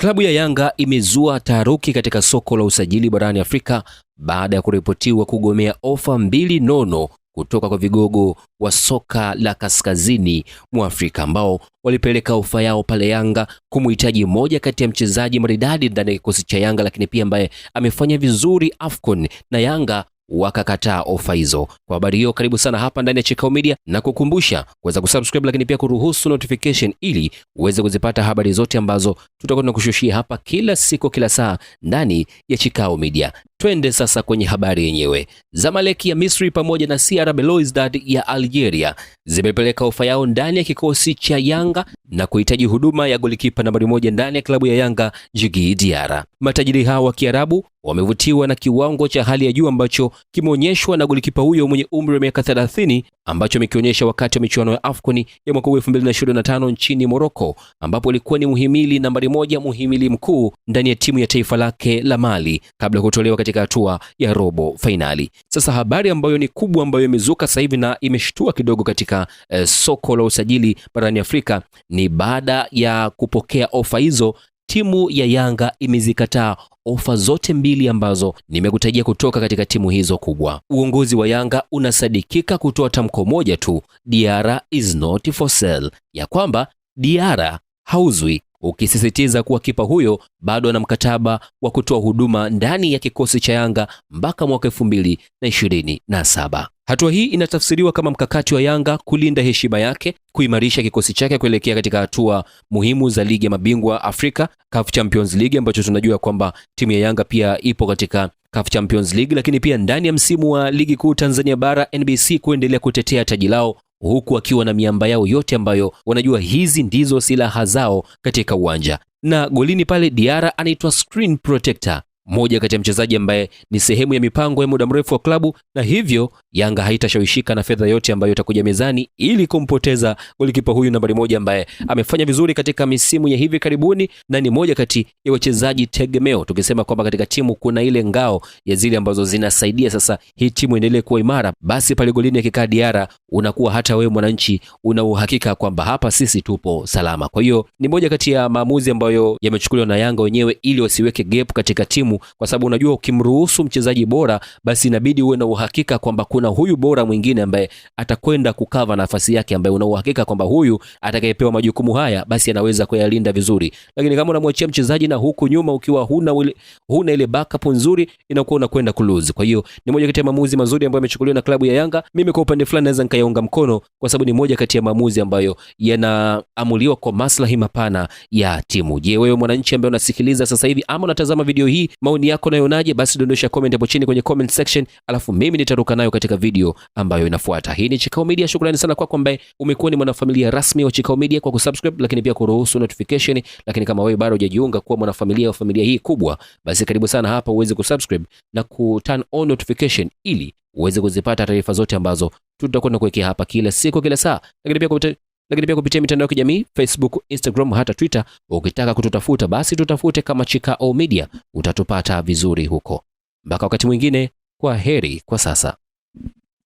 Klabu ya Yanga imezua taharuki katika soko la usajili barani Afrika baada ya kuripotiwa kugomea ofa mbili nono kutoka kwa vigogo wa soka la kaskazini mwa Afrika ambao walipeleka ofa yao pale Yanga kumhitaji moja kati ya mchezaji maridadi ndani ya kikosi cha Yanga, lakini pia ambaye amefanya vizuri Afcon na Yanga wakakataa ofa hizo. Kwa habari hiyo, karibu sana hapa ndani ya Chikao Media na kukumbusha kuweza kusubscribe, lakini pia kuruhusu notification ili uweze kuzipata habari zote ambazo tutakuwa tunakushushia hapa kila siku, kila saa ndani ya Chikao Media. Twende sasa kwenye habari yenyewe. Zamalek ya Misri pamoja na CR Belouizdad ya Algeria zimepeleka ofa yao ndani ya kikosi cha Yanga na kuhitaji huduma ya golikipa nambari moja ndani ya klabu ya Yanga, Djigui Diarra. Matajiri hao wa Kiarabu wamevutiwa na kiwango cha hali ya juu ambacho kimeonyeshwa na golikipa huyo mwenye umri wa miaka ambacho amekionyesha wakati wa michuano ya AFCON ya mwaka 2025 nchini Morocco, ambapo alikuwa ni muhimili nambari moja, muhimili mkuu ndani ya timu ya taifa lake la Mali kabla ya kutolewa katika hatua ya robo fainali. Sasa habari ambayo ni kubwa ambayo imezuka sasa hivi na imeshtua kidogo katika eh, soko la usajili barani Afrika ni baada ya kupokea ofa hizo timu ya Yanga imezikataa ofa zote mbili ambazo nimekutajia kutoka katika timu hizo kubwa. Uongozi wa Yanga unasadikika kutoa tamko moja tu, Diara is not for sale, ya kwamba Diara hauzwi, ukisisitiza kuwa kipa huyo bado ana mkataba wa kutoa huduma ndani ya kikosi cha Yanga mpaka mwaka 2027. Hatua hii inatafsiriwa kama mkakati wa Yanga kulinda heshima yake, kuimarisha kikosi chake kuelekea katika hatua muhimu za ligi ya mabingwa Afrika, CAF Champions League, ambacho tunajua kwamba timu ya Yanga pia ipo katika CAF Champions League, lakini pia ndani ya msimu wa ligi kuu Tanzania bara NBC kuendelea kutetea taji lao huku akiwa na miamba yao yote ambayo wanajua hizi ndizo silaha zao katika uwanja. Na golini pale Diara anaitwa screen protector, moja kati ya mchezaji ambaye ni sehemu ya mipango ya muda mrefu wa klabu, na hivyo Yanga haitashawishika na fedha yote ambayo itakuja mezani ili kumpoteza golikipa huyu nambari moja ambaye amefanya vizuri katika misimu ya hivi karibuni na ni moja kati ya wachezaji tegemeo. Tukisema kwamba katika timu kuna ile ngao ya zile ambazo zinasaidia sasa hii timu endelee kuwa imara, basi pale golini akikaa Diara, unakuwa hata wewe mwananchi una uhakika kwamba hapa sisi tupo salama. Kwa hiyo ni moja kati ya maamuzi ambayo yamechukuliwa na Yanga wenyewe ili wasiweke gap katika timu muhimu, kwa sababu unajua ukimruhusu mchezaji bora, basi inabidi uwe na uhakika kwamba kuna huyu bora mwingine ambaye atakwenda kukava nafasi yake, ambaye una uhakika kwamba huyu atakayepewa majukumu haya, basi anaweza kuyalinda vizuri. Lakini kama unamwachia mchezaji na huku nyuma ukiwa huna wile, huna ile backup nzuri, inakuwa unakwenda kuluzi. Kwa hiyo ni moja kati ya maamuzi mazuri ambayo yamechukuliwa na klabu ya Yanga. Mimi kwa upande fulani naweza nikayaunga mkono, kwa sababu ni moja kati ya maamuzi ambayo yanaamuliwa kwa maslahi mapana ya timu. Je, wewe mwananchi ambaye unasikiliza sasa hivi ama unatazama video hii Maoni yako nayonaje? Basi dondosha comment hapo chini kwenye comment section, alafu mimi nitaruka nayo katika video ambayo inafuata. Hii ni Chikao Media. Shukrani sana kwako ambaye umekuwa ni mwanafamilia rasmi wa Chikao Media kwa kusubscribe, lakini pia kuruhusu notification. Lakini kama wewe bado hujajiunga kuwa mwanafamilia wa familia hii kubwa, basi karibu sana hapa uweze kusubscribe na ku turn on notification ili uweze kuzipata taarifa zote ambazo tutakwenda kuwekea hapa kila siku, kila saa, lakini pia lakini pia kupitia mitandao ya kijamii Facebook, Instagram hata Twitter. Ukitaka kututafuta basi tutafute kama Chikao Media, utatupata vizuri huko. Mpaka wakati mwingine, kwa heri kwa sasa.